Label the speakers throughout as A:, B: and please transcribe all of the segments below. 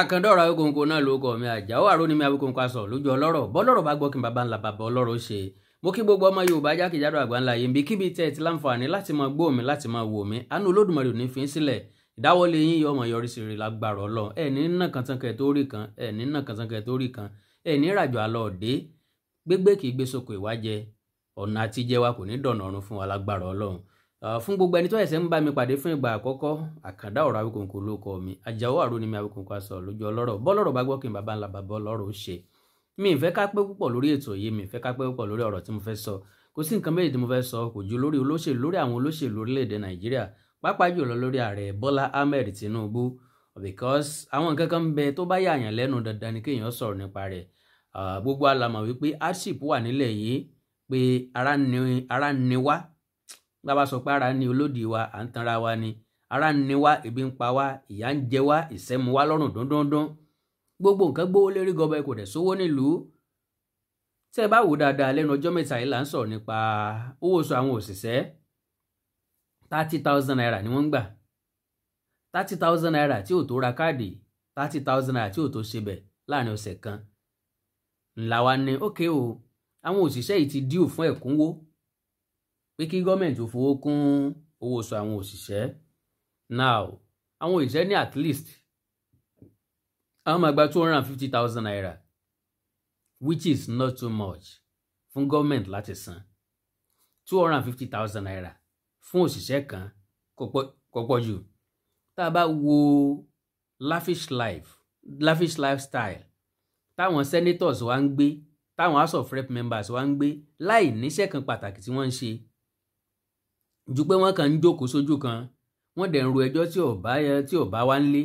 A: akandọ́ra awikonko náà ló kọ́ mi àjàó àrónímí awikonko aṣọ lójú ọlọ́rọ̀ bọ́lọ́rọ̀ bá gbọ́ kí n bàbá ńlá bàbá ọlọ́rọ̀ ṣe mo kí gbogbo ọmọ yorùbá jákèjádò àgbáńlá yìí ibikíbi tẹ́ ẹ ti láǹfààní láti máa gbọ́ mi láti máa wò mí àánú olódùmarè ò ní fi ń sílẹ̀ yín yọ ọmọ yọrí sírí lágbára ọlọ́ ẹ ní nà kàntankẹ̀ tó rí kan ẹ ní nà kàntankẹ̀ tó rí kan ẹ ní ràjò àlọ́ òde gbégbé kì í gbé soko ìwájẹ ọ̀nà àtijẹwa kò ní dọ̀nà ọ̀run fún wa lágbára ọlọ́run Ah, fún gbogbo ẹni tó ẹ̀sẹ̀ ń bá mi pàdé fún ìgbà àkọ́kọ́ àkàndá ọ̀rọ̀ Awíkòǹkò ló kọ mi àjàó àrò ni mi Awíkòǹkò aṣọ lójú ọlọ́rọ̀ bọ́lọ́rọ̀ bá gbọ́ kí n bàbá ńlá bàbá ọlọ́rọ̀ ó ṣe mi ì fẹ́ ká pẹ́ púpọ̀ lórí ètò yìí mi ì fẹ́ ká pẹ́ púpọ̀ lórí ọ̀rọ̀ tí mo fẹ́ sọ kò sí nǹkan méjì tí mo fẹ́ sọ kò ju lórí olóṣèlú lórí àwọn olóṣèlú orílẹ̀-èdè Nàìjíríà pàápàá jùlọ lórí ààrẹ Bọ́lá Ahmed Tinubu because àwọn ni kéèyàn sọ̀rọ̀ nípa rẹ̀ ah, bàbá sọ pé ara ni olódì wa à ń tanra wa ni ara ni wa ebi ń pa wa ìyà ń jẹ wa ìṣẹ́mu wa lọ́rùn dúndúndún gbogbo nǹkan gbówó lérí gọbẹ kò dẹ̀ sówó nílùú tẹ́ ẹ bá wò dáadáa lẹ́nu ọjọ́ mẹ́ta yìí là ń sọ̀rọ̀ nípa owó oṣù àwọn òṣìṣẹ́ thirty thousand naira ni wọ́n ń gbà thirty thousand naira tí ò tó ra káàdì thirty thousand naira tí ò tó ṣe bẹ̀ láàrin ọ̀sẹ̀ kan ńlá wa ní ókè o àwọn òṣìṣẹ́ yìí ti díò fún ẹ̀kúnwó pé kí gọ́ọ̀mẹ̀ntì ó fowó kún owó oṣù àwọn òṣìṣẹ́ now àwọn òṣìṣẹ́ ní at least àwọn máa gba two hundred and fifty thousand naira which is not too much fún gọ́ọ̀mẹ̀ntì láti san two hundred and fifty thousand naira fún òṣìṣẹ́ kan kò pọ̀ jù tá a bá wo lavish life lavish lifestyle táwọn senators wa ń gbé táwọn house of rep members wa ń gbé láì níṣẹ́ kan pàtàkì tí wọ́n ń ṣe ju pé wọ́n kàn ń jókòó sójú kan wọ́n dẹ̀ ń ro ẹjọ́ tí ò bá tí ò bá wá ń lé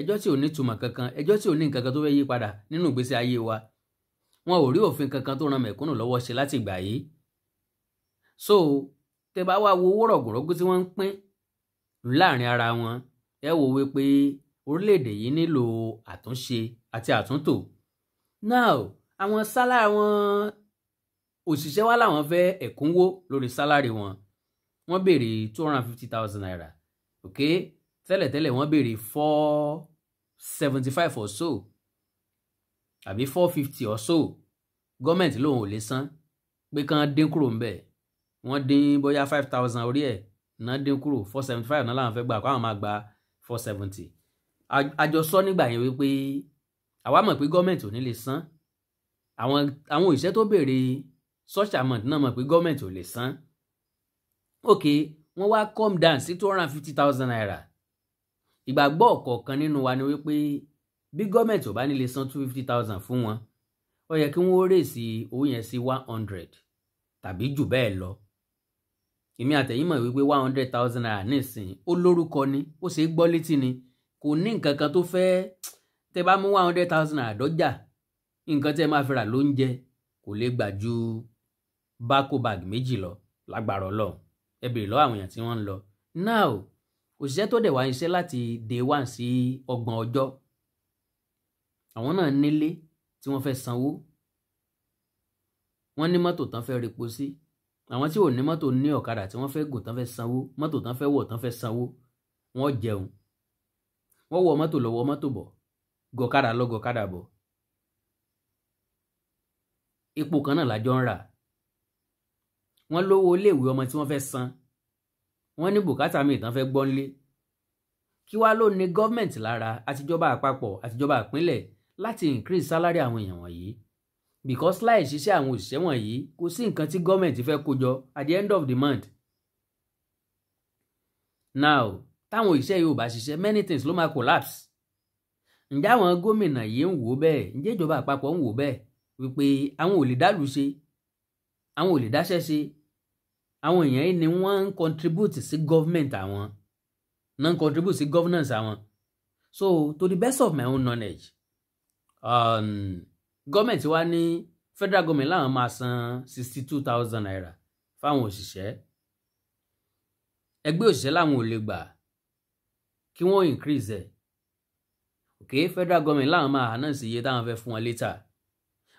A: ẹjọ́ tí ò ní túmọ̀ kankan ẹjọ́ tí ò ní nǹkan kan tó fẹ́ yí padà nínú ìgbésí ayé wa wọn ò rí òfin kankan tó ran mẹ̀kúnnù lọ́wọ́ ṣe láti ìgbà yìí so tẹ bá wá wo owó rọ̀gùrọ̀gù tí wọ́n ń pín láàrin ara wọn ẹ wò wípé orílẹ̀-èdè yìí nílò àtúnṣe àti àtúntò now àwọn sálárì wọn òṣìṣẹ́ wa làwọn fẹ́ ẹ̀kúnwó lórí sálárì wọn wọ́n béèrè two hundred and fifty thousand naira ok tẹ́lẹ̀tẹ́lẹ̀ wọ́n béèrè four seventy five or so àbí four fifty or so gọ́ọ̀mẹ̀ntì lòun ò lè san pé kán dín kúrò ń bẹ̀ wọ́n dín bóyá five thousand orí ẹ̀ náà dín kúrò four seventy five náà làwọn fẹ́ gbà kó àwọn máa gba four seventy àjọsọ nígbà yẹn wípé àwa mọ̀ pé gọ́ọ̀mẹ̀ntì ò ní lè san àwọn àwọn òṣìṣẹ́ tó béèrè such amount náà mọ̀ pé gọ́ọ̀mẹ̀ntì ò lè san ok wọ́n wá come down sí two hundred and fifty thousand naira ìgbàgbọ́ ọ̀kọ̀ọ̀kan nínú wa ni wípé bí gọ́ọ̀mẹ̀ntì ò bá nílé san two fifty thousand fún wọn ó yẹ kí wọ́n rèsì owó yẹn sí one hundred tàbí jù bẹ́ẹ̀ lọ èmi àtẹ̀yìn mọ̀ wípé one hundred thousand naira nísìnyí ó lórúkọ ni ó ṣe é gbọ́ létí ni kò ní nǹkan kan tó fẹ́ tẹ bá mú one hundred thousand naira dọ́jà nǹkan tẹ́ máa fi rà lóúnjẹ kò lè gbà ju bákó bag méjì lọ lágbára ọlọ́run ẹ bèrè lọ́wọ́ àwọn èèyàn tí wọ́n ń lọ now òṣìṣẹ́ tó dẹ̀ wá iṣẹ́ láti day one sí ọgbọ̀n ọjọ́ àwọn náà nílé tí wọ́n fẹ́ sanwó wọ́n ní mọ́tò tán fẹ́ repo sí àwọn tí ò ní mọ́tò ní ọ̀kadà tí wọ́n fẹ́ gùn tán fẹ́ sanwó mọ́tò tán fẹ́ wọ̀ tán fẹ́ sanwó wọ́n jẹun wọ́n wọ mọ́tò lọ́wọ́ mọ́tò bọ̀ gọ̀kadà lọ gọ̀kadà bọ̀ epo kan náà lájọ ń rà wọ́n lówó iléèwé ọmọ tí wọ́n fẹ́ san wọ́n ní bùkátà mi ìtàn fẹ́ gbọ́n lé kí wá ló ní gọ́ọ̀mẹ̀ntì lára àtijọba àpapọ̀ àtijọba àpínlẹ̀ láti increase salary àwọn èèyàn wọ̀nyí because láì ṣiṣẹ́ àwọn òṣìṣẹ́ wọ̀nyí kò sí nǹkan tí gọ́ọ̀mẹ̀ntì fẹ́ kó jọ at the end of the month. now táwọn òṣìṣẹ́ yóò bá ṣiṣẹ́ many things ló máa collapse ǹjẹ́ àwọn gómìnà yìí ń wò bẹ́ẹ̀ ǹjẹ́ ìjọba àpapọ̀ ń wò bẹ́ẹ̀ wípé àwọn ò lè dálù ṣe àwọn ò lè dáṣẹ́ ṣe àwọn èèyàn yìí ni wọ́n ń contribute sí government àwọn náà ń contribute sí governance àwọn so to the best of my own knowledge um, government wa ní federal government láwọn máa san sixty two thousand naira fáwọn òṣìṣẹ́ ẹgbẹ́ òṣìṣẹ́ làwọn ò lè gbà kí wọ́n increase ẹ̀ ok federal government láwọn máa hànà sí iye táwọn fẹ́ fún wọn later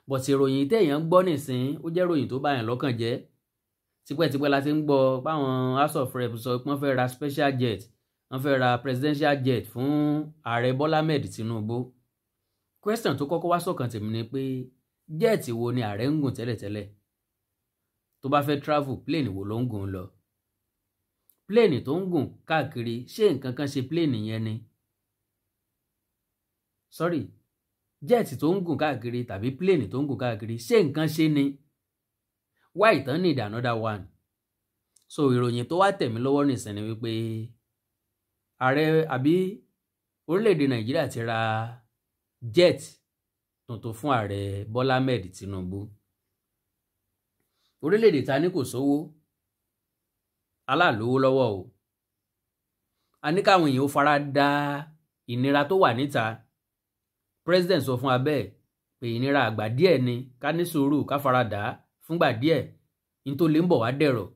A: but ìròyìn téèyàn gbọ́ nísìn ó jẹ́ ìròyìn tó bá yàn lọ́kàn jẹ́ tipẹ́tipẹ́ la ti ń gbọ́ báwọn house of rep sọ pé wọ́n fẹ́ ra special jet wọ́n fẹ́ ra presidential jet fún ààrẹ Bọ́lá Ahmed Tinubu question tó kọ́kọ́ wá sọ̀kan tèmi ni pé jet wo ni ààrẹ ń gùn tẹ́lẹ̀tẹ́lẹ̀ tó bá fẹ́ travel plane wo ló ń gùn lọ plane tó ń gùn káàkiri ṣé nǹkan kan ṣe plane yẹn ni sorry jet tó ń gùn káàkiri tàbí plane tó ń gùn káàkiri ṣé nǹkan ṣe ni why tán need another one so ìròyìn tó wá tẹ̀mí lọ́wọ́ nìsín ni wípé ààrẹ àbí orílẹ̀-èdè nàìjíríà ti ra jet tuntun fún ààrẹ bọ́lá ahmed tinubu orílẹ̀-èdè ta ni kò sówó aláàlówó lọ́wọ́ o a ní káwọn èèyàn ó fara da ìnira tó wà níta president sọ fún abẹ́ pé ìnira àgbà díẹ̀ ni ká ní sùúrù ká fara dà fúngbà díẹ̀ n tó lè ń bọ̀ wá dẹ̀rọ̀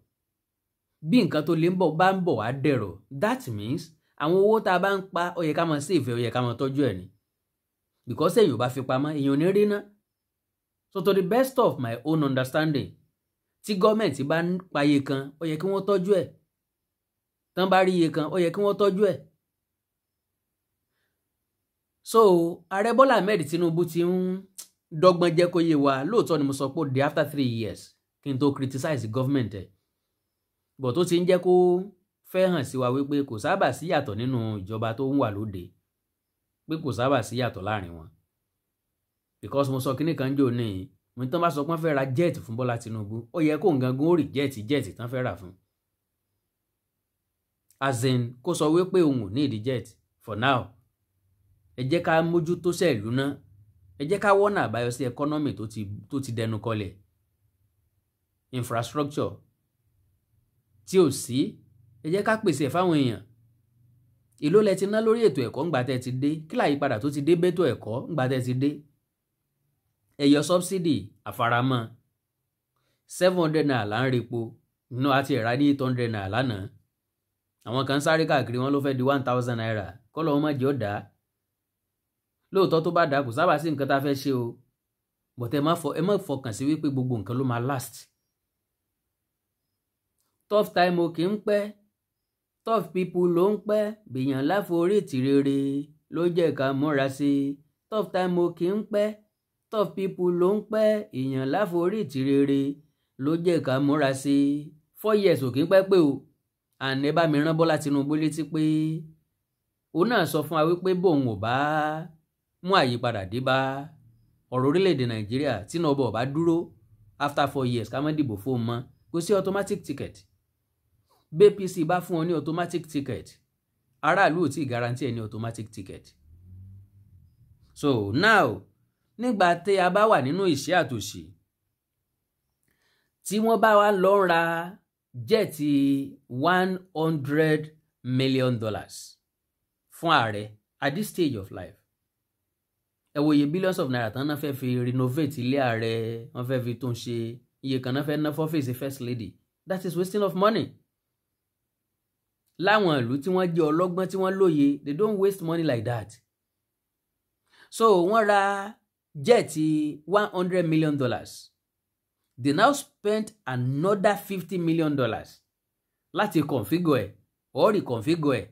A: bí nǹkan tó lè ń bọ̀ bá ń bọ̀ wá dẹ̀rọ̀ that means àwọn owó tá a bá ń pa ó yẹ ká máa save ó yẹ ká máa tọ́jú ẹ̀ ni because èyàn ò bá fi pamọ́ èyàn ò ní rí ná so to the best of my own understanding tí gọ́ọ̀mẹ̀ntì bá ń paye kan ó yẹ kí wọ́n tọ́jú ẹ̀ tán bá rí iye kan ó yẹ kí wọ́n tọ́jú ẹ̀ so ààrẹ Bọ́lá Ahmed Tinubu ti ń dọ́gbọ́n jẹ́ kó yé wa lóòótọ́ ni mo sọ pé ó after three years kí n tó criticize government ẹ̀ bọ̀ tó ti ń jẹ́ kó fẹ́ hàn sí wa wípé kò sábà sí yàtọ̀ nínú ìjọba tó ń wà lóde pé kò sábà sí yàtọ̀ láàrin wọn because mo sọ kíní kan jò ní mo tán bá sọ pé wọ́n fẹ́ ra jet fún Bọ́lá Tinubu ó yẹ kó nǹkan gún ó rì jet jet tán fẹ́ rà fún azen kó sọ wípé òun ò ní ìdí jet for now ẹ jẹ́ ká mójútó sẹ́ẹ̀lú náà ẹ jẹ́ ká wọ́nà àbáyọ sí ẹkọ́nọ́mì tó ti dẹnu kọlẹ̀ infrastructure tí ò sí ẹ jẹ́ ká pèsè ẹ̀ fáwọn èèyàn ìló lẹ ti ná lórí ètò ẹ̀kọ́ ńgbà tẹ́ ti dé kí làyípadà tó ti dé bẹ́tò ẹ̀kọ́ ńgbà tẹ́ ti dé ẹ subsidy àfaramọ́ seven hundred naira là ń repo iná àti ẹ̀rá ní eight hundred naira lánàá àwọn kan sáré káàkiri wọn ló fẹ́ di one thousand naira kọ́ lọ́wọ́ má jẹ́ ọ̀dà lóòótọ́ tó bá dà kò sábà sí nǹkan tá a fẹ́ ṣe o but ẹ má fọ ẹ má fọkàn sí wípé gbogbo nǹkan ló máa last tough time ò kì í pẹ́ tough people ló ń pẹ́ bìyàn láforí tìrere ló jẹ́ ká múra sí i tough time ò kì í pẹ́ tough people ló ń pẹ́ èèyàn láforí tìrere ló jẹ́ ká múra sí i four years ò kì í pẹ́ pé o àní bá mi rán Bọ́lá Tinubu létí pé òun náà sọ fún wa wípé bóun ò bá mú àyípadà dé bá ọ̀rọ̀ orílẹ̀-èdè nàìjíríà tínúbù ọ̀bá dúró after four years ká má dìbò fóun mọ́ kò sí automatic ticket BPC APC bá fún ọ ní automatic ticket aráàlú ò tí ì guarantee ẹni automatic ticket so now nígbà tí a bá wà nínú ìṣẹ́ àtòṣì tí wọ́n bá wá lọ ra jẹ́ẹ̀tì one hundred million dollars fún ààrẹ at this stage of life ẹ wo iye billions of naira tán náà fẹ́ fi renovate ilé ààrẹ wọ́n fẹ́ fi tún ṣe iye kan náà fẹ́ ná fọ́fíìsì first lady that is wasting of money láwọn ìlú tí wọ́n jẹ́ ọlọ́gbọ́n tí wọ́n lóye they don't waste money like that so wọ́n ra jẹ́ẹ̀tì one hundred million dollars they now spent another fifty million dollars láti configure ẹ̀ or reconfigure ẹ̀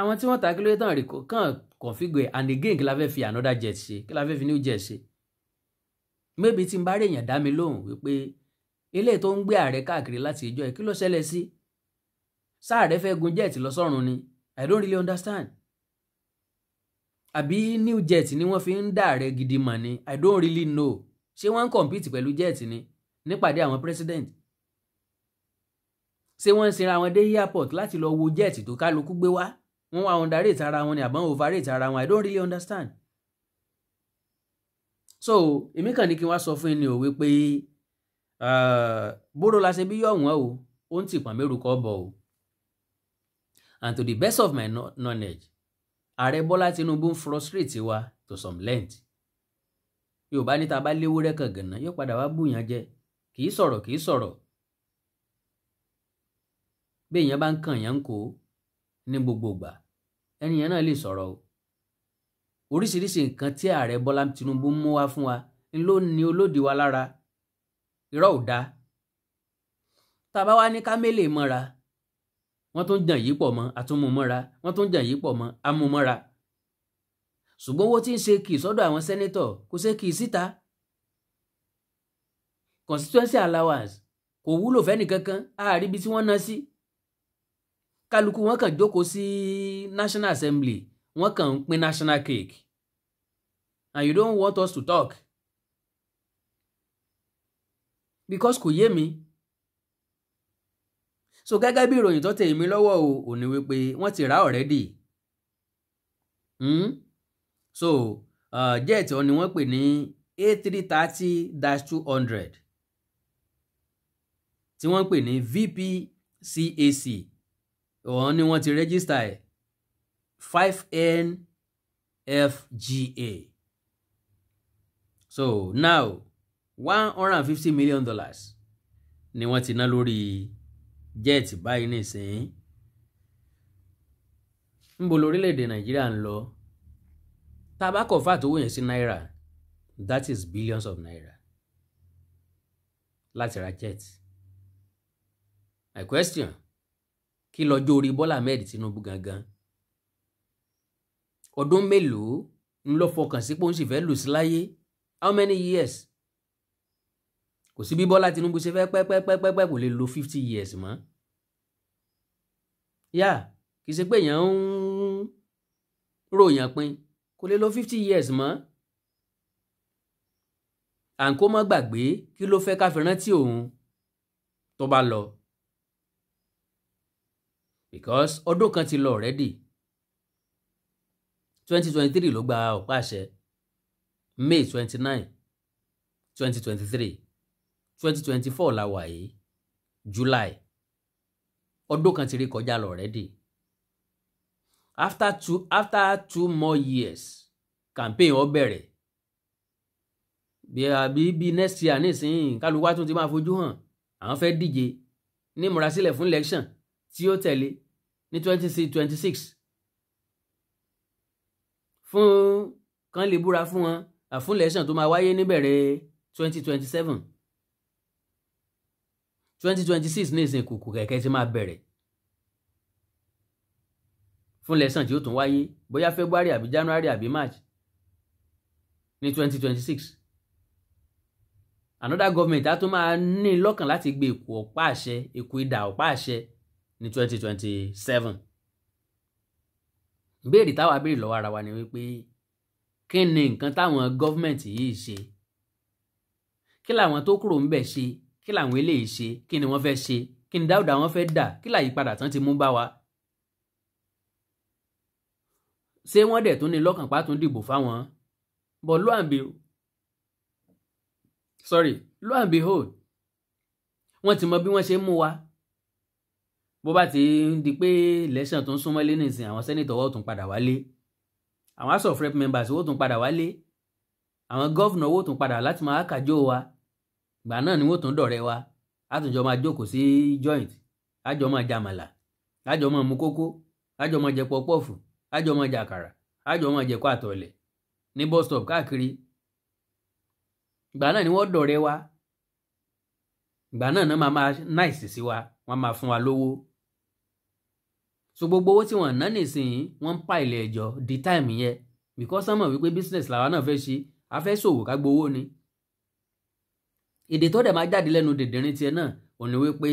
A: àwọn tí wọ́n ta kílódé tán kàn configure and again kí la fẹ́ fi another jet ṣe kí la fẹ́ fi new jet ṣe maybe tí n bá rí èèyàn dá mi lóhùn wípé eléyìí tó ń gbé ààrẹ káàkiri láti ìjọ ẹ kí ló ṣẹlẹ̀ sí sáàrẹ fẹ́ gun jet lọ sọ́run ni i don't really understand àbí new jet ni wọ́n fi ń dá ààrẹ gidi mọ̀ ni i don't really know ṣé wọ́n ń compete pẹ̀lú jet ni nípàdé àwọn president ṣé wọ́n ń sinra wọn dé airport láti lọ wo jet tó kálukú gbé wá wọ́n wá underrate ara wọn ni àbọ̀n overrate ara wọn I don't really understand. so èmi kàn ní kí wọ́n sọ fún yín ni ò wípé uh, bóró la ṣe bí yọ̀ wọ́n o ó ń tìpọ̀n mẹ́rù kọ́ bọ̀ o and to the best of my knowledge ààrẹ bọ́lá tinubu ń frustrate wa to some length yorùbá ní ta bá léwó rẹ́kàn gànà yóò padà wá bùyàn jẹ kì í sọ̀rọ̀ kì í sọ̀rọ̀ bí èèyàn bá ń kàn yàn ń kó ní gbogbo ìgbà ẹni yẹn náà lè sọ̀rọ̀ o oríṣiríṣi nǹkan tí ààrẹ Bọ́lá Tinubu mú wá fún wa ló ní olódì wa lára irọ́ ò dáa tá a bá wá ní kámélè mọ́ra wọ́n tún jàn yìí pọ̀ mọ́ àtúnmúmọ́ra wọ́n tún jàn yìí pọ̀ mọ́ amúmọ́ra ṣùgbọ́n owó tí ń ṣe kì í sọ́dọ̀ àwọn sẹ́nẹ́tọ̀ kò ṣe kì í síta constituency allowance kò wúlò fẹ́nìkankan àáríbi tí wọ́n ná sí. Si kálukú wọn kàn jókòó sí National Assembly wọn kàn ń pín national cake and you don't want us to talk because kò yé mi so gẹ́gẹ́ bí ìròyìn tó tẹ̀ mí lọ́wọ́ o ò ní wípé wọ́n ti rà already hmm? so uh, jet ọ ni wọ́n pè ní a three thirty dash two hundred tí wọ́n pè ní VPCAC wọ́n ní wọ́n ti rẹ́gísítà ẹ̀ five nfga so now one hundred and fifty million dollars ni wọ́n ti ná lórí jẹ́ẹ̀tì báyìí nìsín níbo lórílẹ̀‐èdè nàìjíríà ń lọ tá a bá sí náírà that is billions of naira láti ra jet my question kí lọ́jọ́ orí Bọ́lá Ahmed Tinubu gangan ọdún mélòó ń lọ fọkàn sí pé ó ń sì fẹ́ lò sí láyé how many years kò sí bí Bọ́lá Tinubu ṣe fẹ́ pẹ́pẹ́pẹ́pẹ́ kò lè lo fifty years mọ́ yá kì í ṣe pé èèyàn ń ròyàn pin kò lè lo fifty years mọ́ à ń kó má gbàgbé kí ló fẹ́ ká fi rántí òun tó bá lọ because ọdún kan ti lọ already twenty twenty three ló gba ọ̀pá àṣẹ May twenty nine twenty twenty three twenty twenty four la wà yìí July ọdún kan ti rí kọjá lọ already after two after two more years campaign ó bẹ̀rẹ̀ bí àbí bí next year nísìnyí kálukú wa tún ti máa fojú hàn àwọn fẹ́ díje ní ìmúrasílẹ̀ fún election tí ó tẹ̀lé ní twenty six twenty six fún kan lè búra fún wọn àfún election tó máa wáyé níbẹ̀rẹ̀ twenty twenty seven twenty twenty six ní ìsìn kùkù kẹ̀kẹ́ ti máa bẹ̀rẹ̀ fún tí ó tún wáyé bóyá February àbí January àbí March ní twenty twenty six another government á tún máa ní lọ́kàn láti gbé èkó ọ̀pá àṣẹ èkó ìdà ọ̀pá àṣẹ ní twenty twenty seven béèrè táwa béèrè lọ́wọ́ ara wa ni wípé kí ni nǹkan táwọn gọ́fìmẹ̀ntì yìí ṣe kí làwọn tó kúrò ń bẹ̀ ṣe kí làwọn eléyìí ṣe kí ni wọ́n fẹ́ ṣe kí ni dáúdà wọ́n fẹ́ dà kí làyípadà tán ti mú bá wa. ṣé wọ́n dẹ̀ tún ní lọ́kàn pátó ń dìbò fáwọn bọ̀ lo and behold sorry lo and behold wọ́n ti mọ bí wọ́n ṣe mú wa bó bá ti ń di pé election tó ń súnmọ́lé nìsín àwọn senator wọ́n padà wálé àwọn house of rep members wọ́n tún padà wálé àwọn governor wọ́n tún padà láti máa kájọ wa ìgbà náà ni wọ́n tún dọ̀rẹ́ wa á máa jókòó sí joint á jọ máa jàmàlà á jọ máa mu kókó á jọ máa jẹ pọpọ́ọ̀fù á jọ máa jàkàrà á jọ máa jẹ kó ní bus stop káàkiri ìgbà náà ni wọ́n dọ̀rẹ́ wa ìgbà náà náà máa máa fún wa lówó so gbogbo owó tí wọ́n ná nísìnyí wọ́n ń pa ilẹ̀ ẹ̀jọ́ di time yẹn because wọ́n mọ̀ wípé business làwa náà fẹ́ ṣe a fẹ́ ṣòwò ká gbowó ni èdè tó dẹ̀ máa jáde lẹ́nu dèdèrín tiẹ̀ náà ò ní wípé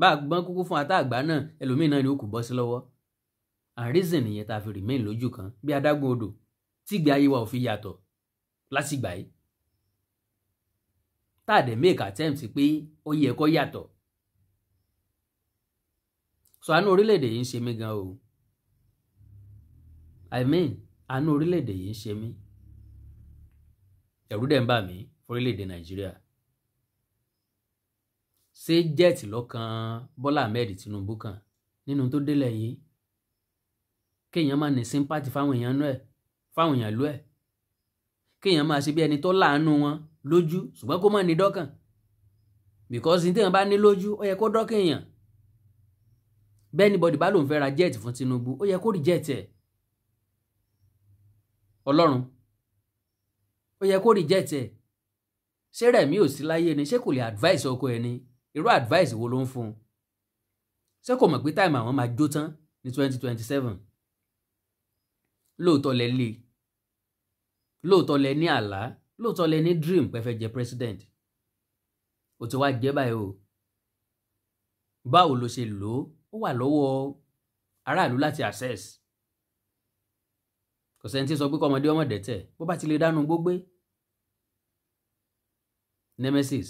A: bá a gbọ́n kúkú fún ata àgbà náà ẹlòmíì náà ni ó kù bọ́ sí lọ́wọ́ and reason nìyẹn tá a fi remain lójú kan bí adágún odò tígbé ayé wa ò fi yàtọ̀ lásìgbà yìí tá a dẹ̀ make attempt pé ó yẹ kó yàtọ̀ so àánú orílẹ̀-èdè yìí ń ṣe mí gan o i mean àánú orílẹ̀-èdè yìí ń ṣe mí ẹ̀rú dẹ̀ ń bà mí orílẹ̀-èdè nàìjíríà ṣé jẹ́ẹ̀tì lọ́kàn bọ́lá ahmed tinubu kan nínú tó délẹ̀ yìí kéèyàn máa ní sympathy fáwọn èèyàn nú ẹ̀ fáwọn èèyàn lú ẹ̀ kéèyàn máa ṣe bí ẹni tó láàánú wọn lójú ṣùgbọ́n kó má ní dọ́kàn because ní téèyàn bá ní lójú ó yẹ kó dọ́kàn èèyàn bẹ́ẹ̀ni bọ́dì bá lòun fẹ́ ra jet fún Tinubu ó yẹ kó rí jet ẹ̀ Ọlọ́run ó yẹ kó rí jet ẹ̀ ṣé Rẹ̀mí ò sí láyé ni ṣé kò lè advice ọkọ ẹ̀ ni irú advice wo ló ń fún un ṣé kò mọ̀ pé táìmù àwọn máa jó tán ní twenty twenty seven lóòótọ́ lẹ lé lóòótọ́ lẹ ní àlá lóòótọ́ lẹ ní dream pé fẹ́ jẹ president ó ti wá jẹ́ báyìí o báwo ló ṣe lò ó ó wà lọ́wọ́ aráàlú láti access kò sẹ́ni tí sọ pé kọ́mọdé ọmọ dẹ̀tẹ̀ bó bá ti lè dánú gbógbé nemesis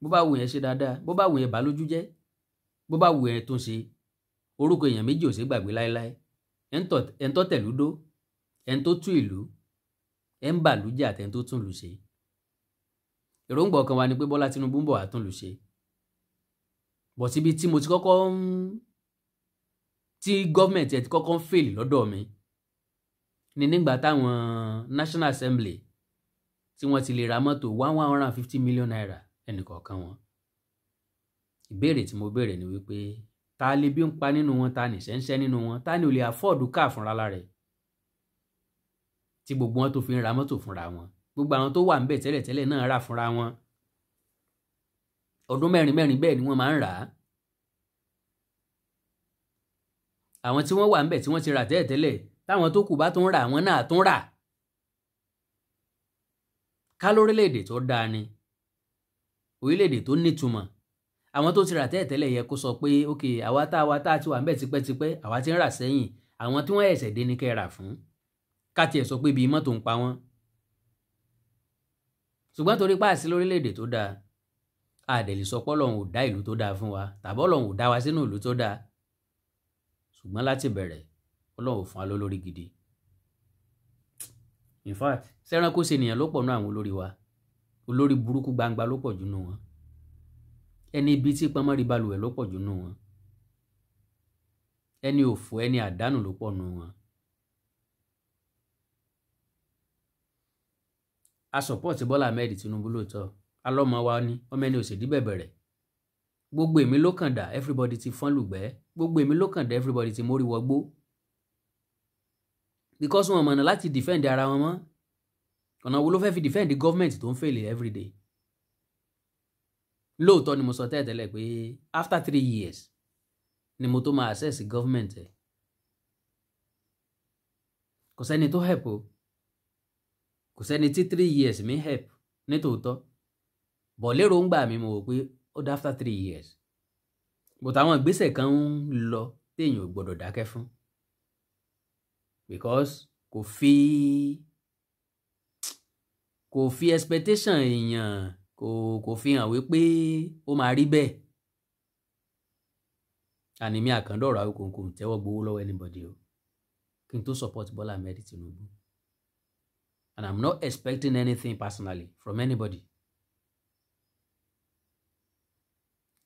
A: bó bá wù yẹn ṣe dáadáa bó bá wù yẹn bá lójú jẹ́ bó bá wù yẹn tún ṣe orúkọ èèyàn méjì ò ṣe gbàgbé láéláé ẹn tó tẹ̀lú dó ẹn tó tú ìlú ẹn bàlú jẹ́ àtẹn tó tún lù ṣe èròǹgbà ọkàn wa ni pé Bọ́lá Tinubu ń bọ̀ wá tún lù ṣe but ibi tí mo ti kọ́kọ́ ń tí gọ́ọ̀mẹ̀ntì ẹ̀ ti kọ́kọ́ ń fail lọ́dọ̀ mi ni nígbà táwọn National Assembly tí wọ́n ti lè ra mọ́tò one one hundred and fifty million naira ẹnìkọ̀ọ̀kan wọn ìbéèrè tí mo béèrè ni wípé ta lè bí ń pa nínú wọn ta nìṣẹ́ ń ṣẹ́ nínú wọn ta ni ò lè afọ́ọ̀dù káà fúnra lára rẹ̀ tí gbogbo wọn tó fi ń ra mọ́tò fúnra wọn gbogbo àwọn tó wà ń bẹ̀ tẹ́lẹ̀tẹ́lẹ̀ náà rà fúnra wọn ọdún mẹ́rin mẹ́rin bẹ́ẹ̀ ni wọ́n máa ń rà á àwọn tí wọ́n wà ńbẹ̀ tí wọ́n ti rà tẹ́lẹ̀tẹ́lẹ̀ táwọn tó kù bá tún rà àwọn náà tún rà ká lórílẹ̀‐èdè tó dáa ni orílẹ̀‐èdè tó nítumọ̀ àwọn tó ti rà tẹ́lẹ̀tẹ́lẹ̀ yẹ kó sọ pé ok àwa tá àwa tá a ti wà ńbẹ̀ tipẹ́tipẹ́ àwa ti ń rà sẹ́yìn àwọn tí wọ́n ẹ̀sẹ̀ dé ni kẹ́ rà fún ká tiẹ̀ sọ pé ibi mọ́tò ń pa wọ́n ṣùgbọ́n torí páàsì lórílẹ̀‐èdè tó dáa àdẹ̀lẹ̀ sọ pé ọlọ́run ò dá ìlú tó dáa fún wa tàbí ọlọ́run ò dá wa sínú ìlú tó dáa ṣùgbọ́n láti bẹ̀rẹ̀ ọlọ́run ò fún wa lólórí gidi in fact sẹ́ranko ṣe nìyẹn ló pọ̀ nú àwọn olórí wa olórí burúkú gbangba ló pọ̀ jù nú wọn ẹni ibi tí pamọ́rí balùwẹ̀ ló pọ̀ jù nú wọn ẹni òfò ẹni àdánù ló pọ̀ nú wọn. a support Bọ́lá Ahmed Tinubu lóòótọ́ alọ́mọ wa ni ọmọ ẹni òsèdí bẹ̀bẹ̀rẹ̀ gbogbo èmi ló kàn dà everybody ti fọ́n lùgbẹ́ gbogbo èmi ló kàn dà everybody ti mórí wọgbó because wọn mọ̀nà láti defend ara wọn mọ́ ọ̀nà wo ló fẹ́ fi defend the government tó ń fèlè everyday lóòótọ́ ni mo sọ tẹ́ẹ̀tẹ́lẹ̀ pé after three years ni mo tó máa access government ẹ̀ kò sẹ́ni tó help o kò sẹ́ni tí three years mi help nítòótọ́ bọ̀ lérò ń gbà mí mo wò pé ó dá after three years but àwọn ìgbésẹ̀ kan ń lọ téèyàn ò gbọ́dọ̀ dákẹ́ fún because kò fi kò fi expectation èèyàn kò kò fi hàn wípé ó máa rí bẹ́ẹ̀ ànìmí àkàndọ̀rọ̀ Awikonko ń tẹ́wọ́ gbowó lọ́wọ́ anybody o kí n tó support Bọ́lá Ahmed Tinubu and I'm not expecting anything personally from anybody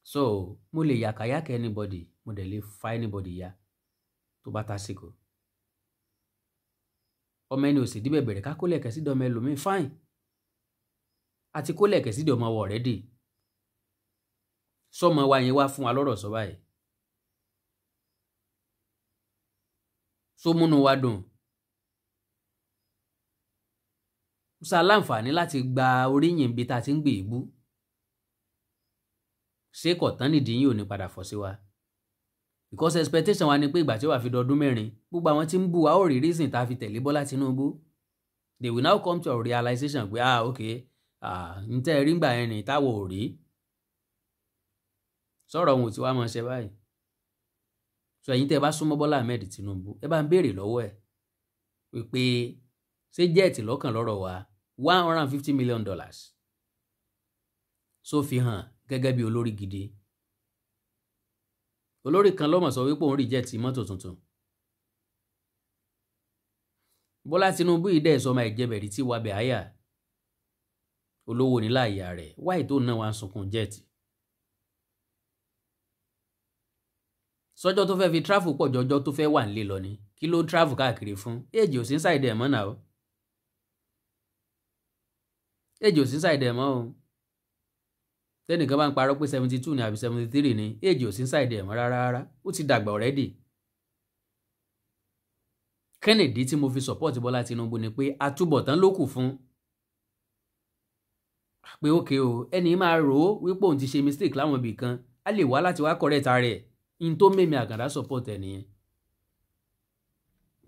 A: so mo lè yàkàyàkà anybody mo dẹ̀ lè fa anybody ya tó bá tásìkò ọmọ ẹni ò sì díbẹ̀ bẹ̀rẹ̀ ká kó lẹ̀kẹ́ sí dọ́mọ ẹlòmíín fáìn àti kó lẹ̀kẹ́ sí dọ́mọ wọ̀ rẹ́dì sọmọ wa yẹn wá fún wa lọ́rọ̀ sọ báyìí so múnú wa dùn sá láǹfààní láti gba oríyìn bíi tá a ti ń gbé ṣé kò tán nìdí yìí ò ní padà fọ́ sí wa because expectation wa ni pé ìgbà tí wàá fi dọdún mẹ́rin gbogbo àwọn tí ń bú wa ó rí reason tá a fi tẹ̀lé Bọ́lá Tinubu they will now come to a realization pé ah ok ah n tẹ́ ẹ rí gbà yẹn ni táwọn ò rí sọ̀rọ̀ òun ò tí wàá mọ̀ ṣe báyìí so ẹ̀yin tẹ́ ẹ bá súnmọ́ Bọ́lá Ahmed Tinubu ẹ bá ń béèrè lọ́wọ́ ẹ̀ wípé ṣé jẹ́ẹ̀tì lọ́kàn lọ́rọ̀ wa one hundred and fifty million dollars so fi hàn gẹ́gẹ́ bí olórí gidi olórí kan ló mọ̀ sọ wípé òun reject mọ́tò tuntun Bọ́lá Tinubu yìí dẹ̀ sọ ọmọ ìjẹbẹ̀rì tí wàbẹ̀ àyà olówó nílà ìyá rẹ̀ wáì tó náà wà ń sunkún jẹ́ẹ̀tì sọjọ́ tó fẹ́ fi tráfù pọ̀ jọjọ́ tó fẹ́ wà nílé lọ ni kí ló tráfù káàkiri fún èjì ò sí ń ṣàìdẹ̀ mọ́ náà èjì ò sí ń ṣàìdẹ̀ mọ́ o tẹ́nìkan bá ń parọ́ pé seventy two ni àbí seventy three ni éèjì ò sí ṣáìdì ẹ̀mọ́ rárá rárá ó ti dàgbà ọ̀rẹ́dì. Kennedy tí mo fi support Bọ́lá Tinubu ni pé atúbọ̀tán ló kù fún pé ókè o ẹni máa rò ó wípé òun ti ṣe mistake láwọn ibì kan á lè wá láti wá correct ara ẹ̀ in tó mẹ́mi àgàdá support ẹ̀ nìyẹn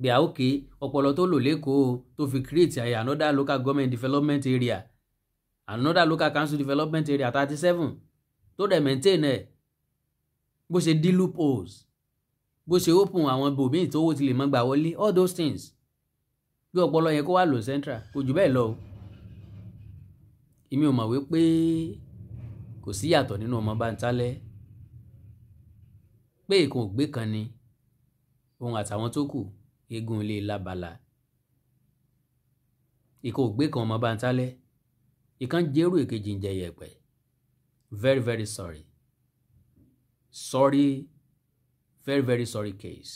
A: gbà ókè ọpọlọ tó lò lẹ́kọ̀ọ́ tó fi create another local government development area another local council development area thirty seven tó dẹ̀ maintain ẹ̀ bó ṣe dí loopholes bó ṣe open àwọn ibòmíì tó owó ti lè mọ́ gbà wọlé all those things bí ọpọlọ yẹn kó wà lò central kò jù bẹ́ẹ̀ lọ o èmi ò mọ̀ wípé kò sí yàtọ̀ nínú ọmọ bántálẹ́ pé èkó ògbé kan ni òun àtàwọn tó kù eégún ilé labala èkó ògbé kan ọmọ bántálẹ́ ìkan jẹ́rú èkejì ń jẹ yẹ̀pẹ̀ very very sorry sorry very very sorry case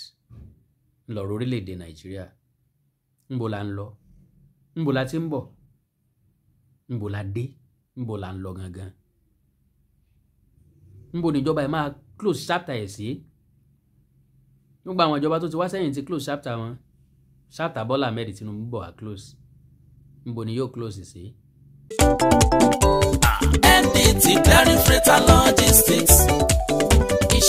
A: ńlọrọ orílẹ̀-èdè nàìjíríà ńbo la ń lọ ńbo la ti ń bọ̀ ńbo la dé ńbo la ń lọ gangan ńbo níjọba ẹ̀ máa close chapter ẹ̀ sí nígbà àwọn ìjọba tó ti wá sẹ́yìn ti close chapter wọn chapter Bọ́lá Ahmed Tinubu bọ̀ a close ńbo ni yóò close sí. Si
B: MDT ah. Clearing Freighter Logistics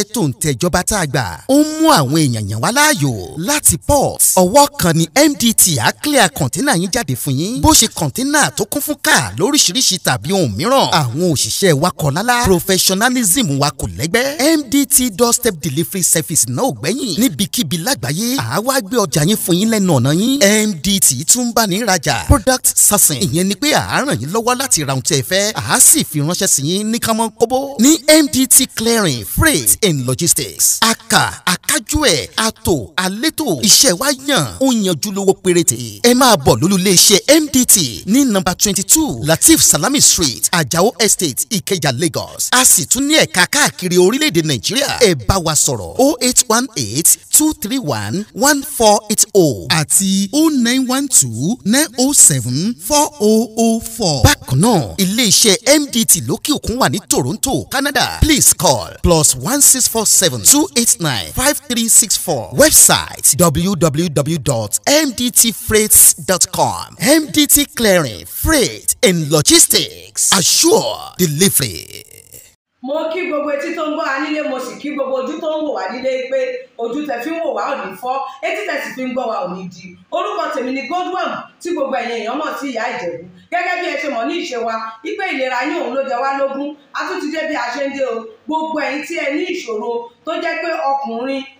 C: iṣẹ́ tó ń tẹ ìjọba tá a gbà ó ń mú àwọn èèyàn yàn wá láàyò láti port ọwọ́ kan ni MDT á clear yín jáde fún yín bó ṣe kọ̀ńténà tó kún fún káà lóríṣiríṣi tàbí ohun mìíràn àwọn òṣìṣẹ́ wa kọ̀ lálá professionalism wa kò lẹ́gbẹ́ MDT doorstep delivery service náà ò gbẹ́yìn níbikíbi lágbàáyé àwa gbé ọjà yín fún yín lẹ́nu ọ̀nà yín MDT tún bá ní ìrajà product sourcing ìyẹn ni pé à á ràn yín lọ́wọ́ láti ra ohun tí fẹ́ à á sì fi ránṣẹ́ sí yín ní kámọ́ kóbó ní MDT clearing freight and logistics aka akájú ẹ̀ ato alétò iṣẹ́ wa yàn ó yanjú lówó péréte ẹ máa bọ̀ lólulẹ̀ iṣẹ́ MDT ní nọ́mbà twenty two Latif Salami Street Ajao Estate Ikeja Lagos a sì tún ní ẹ̀ka káàkiri orílẹ̀-èdè Nàìjíríà ẹ bá wa sọ̀rọ̀ o oh eight one eight two three one one four eight o oh àti o oh nine one two nine o seven four o o four. bákan náà ilé iṣẹ́ MDT lókè òkun wà ní Toronto Canada please call plus one six four seven two eight nine five three six four website www.mdtfreights.com MDT Clearing Freight and Logistics assure delivery
B: mo kí gbogbo etí tó ń gbọ́ wa nílé mo sì kí gbogbo ojú tó ń wò wá nílé pé ojú tẹ fi ń wò wá ò ní fọ́ etí tẹ sì fi ń gbọ́ wa ò ní di orúkọ tèmi ni Godwum tí gbogbo ẹ̀yin èèyàn mọ̀ sí ìyá Ìjẹ̀bú gẹ́gẹ́ bí ẹ ṣe mọ̀ ní ìṣe wa wípé ìlera yín òun ló jẹ wá lógún a tún ti dé bí a ṣe ń dé o gbogbo ẹ̀yin tí ẹ ní ìṣòro tó jẹ́ pé ọkùnrin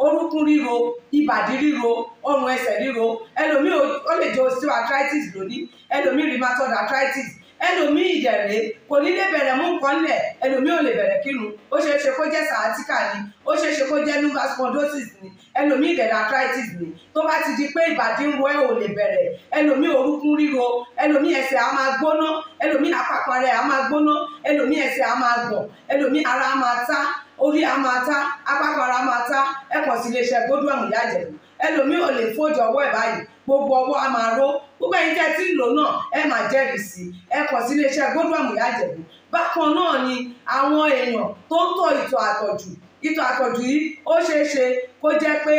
B: orúnkún ríro ìbàdí ríro ọrùn ẹsẹ̀ ríro ẹlòmíì ó lè jẹ́ osteoarthritis lónìí ẹlòmíì rheumatoid arthritis ẹlòmíì ìdẹ̀rẹ̀ kò ní lè bẹ̀rẹ̀ mú nǹkan lẹ̀ ẹlòmíì ò lè bẹ̀rẹ̀ kírun ó ṣeé ṣe kó jẹ́ sciatica ni ó ṣeé ṣe kó jẹ́ lumbar spondosis ni ẹlòmíì ìdẹ̀rẹ̀ arthritis ni tó bá ti di pé ìbàdí ń ro ẹ̀ ò lè bẹ̀rẹ̀ ẹlòmíì orúkún ríro ẹlòmíì ẹsẹ̀ á máa gbóná ẹlòmíì àpapọ̀ rẹ̀ á máa gbóná ẹlòmíì ẹsẹ̀ á máa gbọ̀n ẹlòmíì ara á máa tá orí a máa ta apákanra a máa ta ẹ kàn sí iléeṣẹ́ gbódúrà mùyá àjẹ̀bù ẹlòmíì ò lè fojú ọwọ́ ẹ̀ báyìí gbogbo ọwọ́ a máa ró gbogbo ẹ̀yin tẹ́ ti ń lò náà ẹ máa jẹ́rìí sí ẹ sí iléeṣẹ́ gbódúrà mùyá àjẹ̀bù bákan náà ni àwọn èèyàn tó ń tọ̀ ìtọ̀ àtọ̀jù ìtọ̀ àtọ̀jù yìí ó ṣeé ṣe kó jẹ́ pé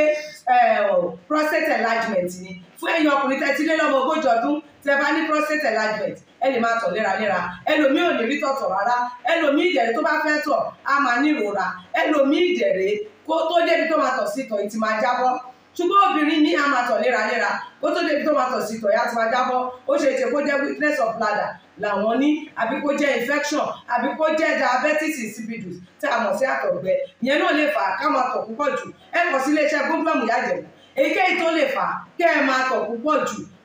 B: prostate enlargement ni fún ẹ̀yin ọkùnrin tẹ́ ti lé lọ́mọ ogójì ọdún tẹ́ bá ní prostate enlargement ẹ lè máa tọ̀ léraléra ẹlòmíì ò ní rí tọ̀tọ̀ rárá ẹlòmíì ìdẹ̀rẹ̀ tó bá fẹ́ tọ̀ á máa ní ìrora ẹlòmíì ìdẹ̀rẹ̀ kó tó débi tó máa tọ̀ sí tọ̀ ìtì máa jábọ́ ṣùgbọ́n obìnrin ní a máa tọ̀ léraléra kó tó débi tó máa tọ̀ sí tọ̀ ìyá ti máa jábọ́ ó ṣe ṣe kó jẹ́ weakness of bladder làwọn ní àbí kó jẹ́ infection àbí kó jẹ́ diabetes insipidus tí a mọ̀ sí àtọ̀gbẹ ìyẹn náà lè fà ká máa tọ̀ púpọ̀ jù ẹ kàn sí iléeṣẹ́ gómìnà ìyá jẹ̀mú èyíkéyìí tó lè fà kẹ́ ẹ máa tọ̀ púpọ̀ jù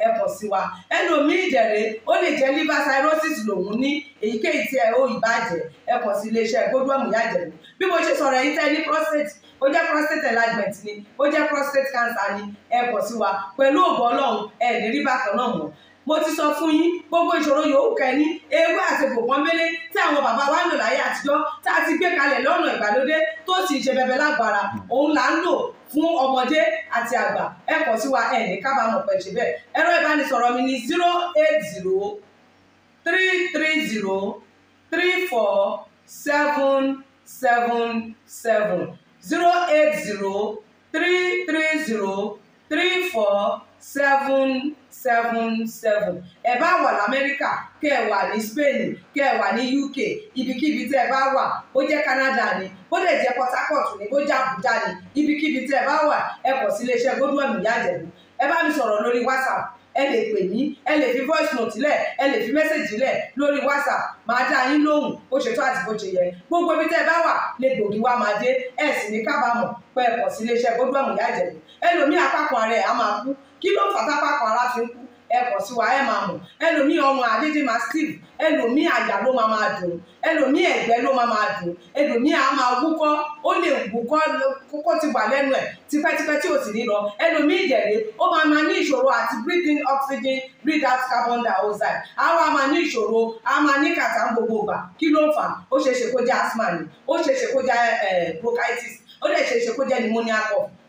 B: ẹ kàn sí wa ẹlòmíì ìdẹ̀rẹ̀ ó lè jẹ́ liver cirrhosis lòun ní èyíkéyìí tí ẹ ó ìbàjẹ́ ẹ kàn sí iléeṣẹ́ gbódúọ̀mù yájẹ̀mú bí mo ṣe sọ̀rọ̀ yìí tẹ́ ní prostate ó jẹ́ prostate enlargement ni ó jẹ́ prostate cancer ni ẹ kàn sí wa pẹ̀lú ògbọ́ ọlọ́run ẹ ní rí bákan náà mọ́ mo ti sọ fún yín gbogbo ìṣòro yòówù kẹni ewé àti gbòǹkan mélé tí àwọn bàbá wa ń lò láyé àtijọ́ tá a ti gbé kalẹ̀ lọ́nà ìgbàlódé tó sì ń ṣe bẹbẹ lágbára òun là ń lò fún ọmọdé àti àgbà ẹ kàn sí wa ẹ ní kábàámọ̀ pẹ̀lú ṣe bẹ́ẹ̀ ẹ̀rọ ìbánisọ̀rọ̀ mi ni zero eight zero three three zero three four seven seven seven zero eight zero three three zero three four seven seven seven ẹ bá wà lamẹ́ríkà kẹ́ ẹ wà ní spain kẹ́ ẹ wà ní uk ibikíbi tẹ́ ẹ bá wà bó jẹ́ canada ni bó dẹ̀ jẹ́ port harcourt ni bó jẹ́ abuja ni ibikíbi tẹ́ ẹ bá wà ẹ kọ̀ sí iléeṣẹ́ godwin ìyájẹ̀bù ẹ bá mi sọ̀rọ̀ lórí whatsapp ẹ lè pè mí ẹ lè fi voice note lẹ̀ ẹ lè fi message lẹ̀ lórí whatsapp máa dá yín lóhùn bó ṣe tó àti bó ṣe yẹ gbogbo ibi tẹ́ ẹ bá wà lè gbòógì wá máa dé ẹ sì ní kábàámọ̀ pé ẹ kọ̀ sí iléeṣẹ́ godwin ìyájẹ̀bù ẹlòmíì apá kan ara ẹ̀ máa kú kí ló fàtápá kan ara fi ń kú ẹkọ sí wa ẹ máa mọ ẹlòmíì ọmọ àdídì máa steve ẹlòmíì àyà ló máa máa dùn ẹlòmíì ẹ̀gbẹ́ ló máa máa dùn ẹlòmíì á máa wúkọ́ ó lè wúkọ́ kókó ti wà lẹ́nu ẹ̀ tipẹ́tipẹ́ tí ò sì ní lọ ẹlòmíì ìjẹ̀lẹ̀ ó máa máa ní ìṣòro àti breathe in oxygen breathe out carbon dioxide á wá máa ní ìṣòro á máa ní kàtà ń gbogbo ìgbà kí ló fà ó ṣeéṣe kó jẹ́ asthma ni ó ṣeéṣe kó jẹ́ eh, bronchitis ó lè ṣeéṣe kó jẹ́ pneumonia cough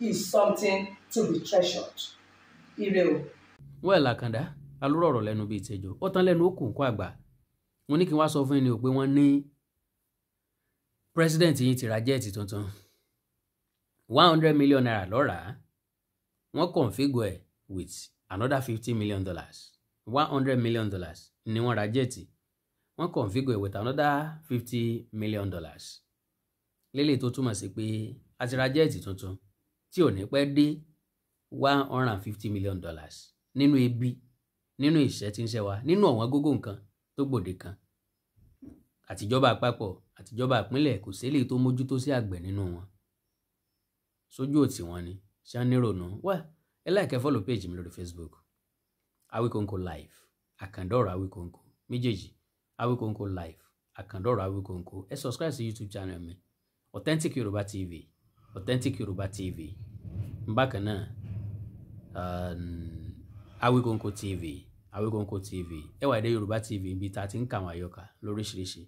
B: is something to be treasured. Ire o.
A: Well, Àkàndá, alúrò ọ̀rọ̀ lẹ́nu bíi ìtẹ́jọ́, ó tán lẹ́nu ó kù nǹkan àgbà. Mo ní kí n wá sọ fún ẹni ò pé ní pírẹ́sídẹ̀ǹtì yìí ti ra jẹ́ẹ̀tì tuntun. one hundred million naira lọ́ràá. Wọ́n kọ̀ǹfígò ẹ̀ with another fifty million dollars. one hundred million dollars ni wọ́n ra jẹ́ẹ̀tì. Wọ́n kọ̀ǹfígò ẹ̀ with another fifty million dollars. Lélẹ̀ tó túmọ̀ sí pé a ti ra jẹ́ẹ̀tì tuntun tí ò ní pẹ́ dé one hundred and fifty million dollars nínú ebi nínú ìṣẹ́ tí ń ṣẹ́ wa nínú ọ̀wọ́n gógó nǹkan tó gbòde kan àtijọba àpapọ̀ àtijọba ìpínlẹ̀ kò sẹ́lẹ̀ tó mójútó sí àgbẹ̀ nínú wọn sójú òtí wọn ni ṣanírònú wá ẹ láìkẹ́ fọ́lọ̀ péjì mi lórí Facebook Awikonko live àkàndọ̀rọ̀ Awikonko méjèèjì Awikonko live àkàndọ̀rọ̀ Awikonko ẹ subscribe sí YouTube channel mi Authentic Yoruba TV authentic yorùbá tv bákan náà um, awikonko tv awikonko tv ẹwà èdè yorùbá tv ibi tá a ti ń kàwọn àyọkà lóríṣiríṣi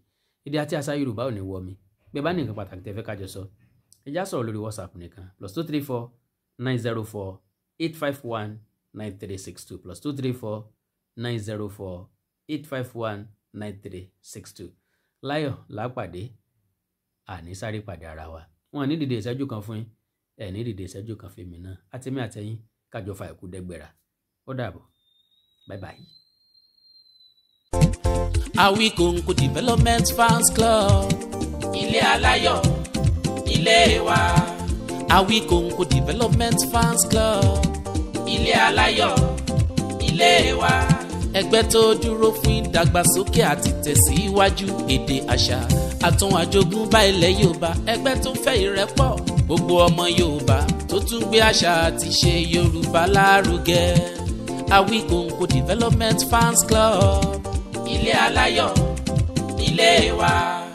A: èdè àti àṣà yorùbá ò ní wọ mi bẹ́ẹ̀ bá ní nǹkan pàtàkì tẹ́ fẹ́ kájọ sọ ẹ já sọ̀rọ̀ lórí whatsapp nìkan plus two three four nine zero four eight five one nine three six two plus two three four nine zero four eight five one nine three six two láyọ̀ lápàdé àní sáré pàdé ara wa wọn ní dìde ìṣẹ́jú kan fún yín ẹ̀ ní dìde ìṣẹ́jú kan fún mi náà àtẹ̀mí àtẹ̀yìn kájọ fa ìkú dẹ́gbẹ̀rà ó dàbọ̀ bye bye. Awikonko Development Fans Club ilé aláyọ̀ ilé wa.
C: Awikonko Development Fans Club
A: ilé aláyọ̀
C: ilé wa ẹgbẹ́ tó dúró fún ìdàgbàsókè àti tẹ̀síwájú èdè àṣà àtún àjogúnbá ilẹ̀ yorùbá ẹgbẹ́ tó fẹ́ ìrẹ́pọ̀ gbogbo ọmọ yorùbá tó tún gbé àṣà àti ṣe yorùbá lárugẹ Awikonko development fans club ilé aláyọ̀ ilé wa.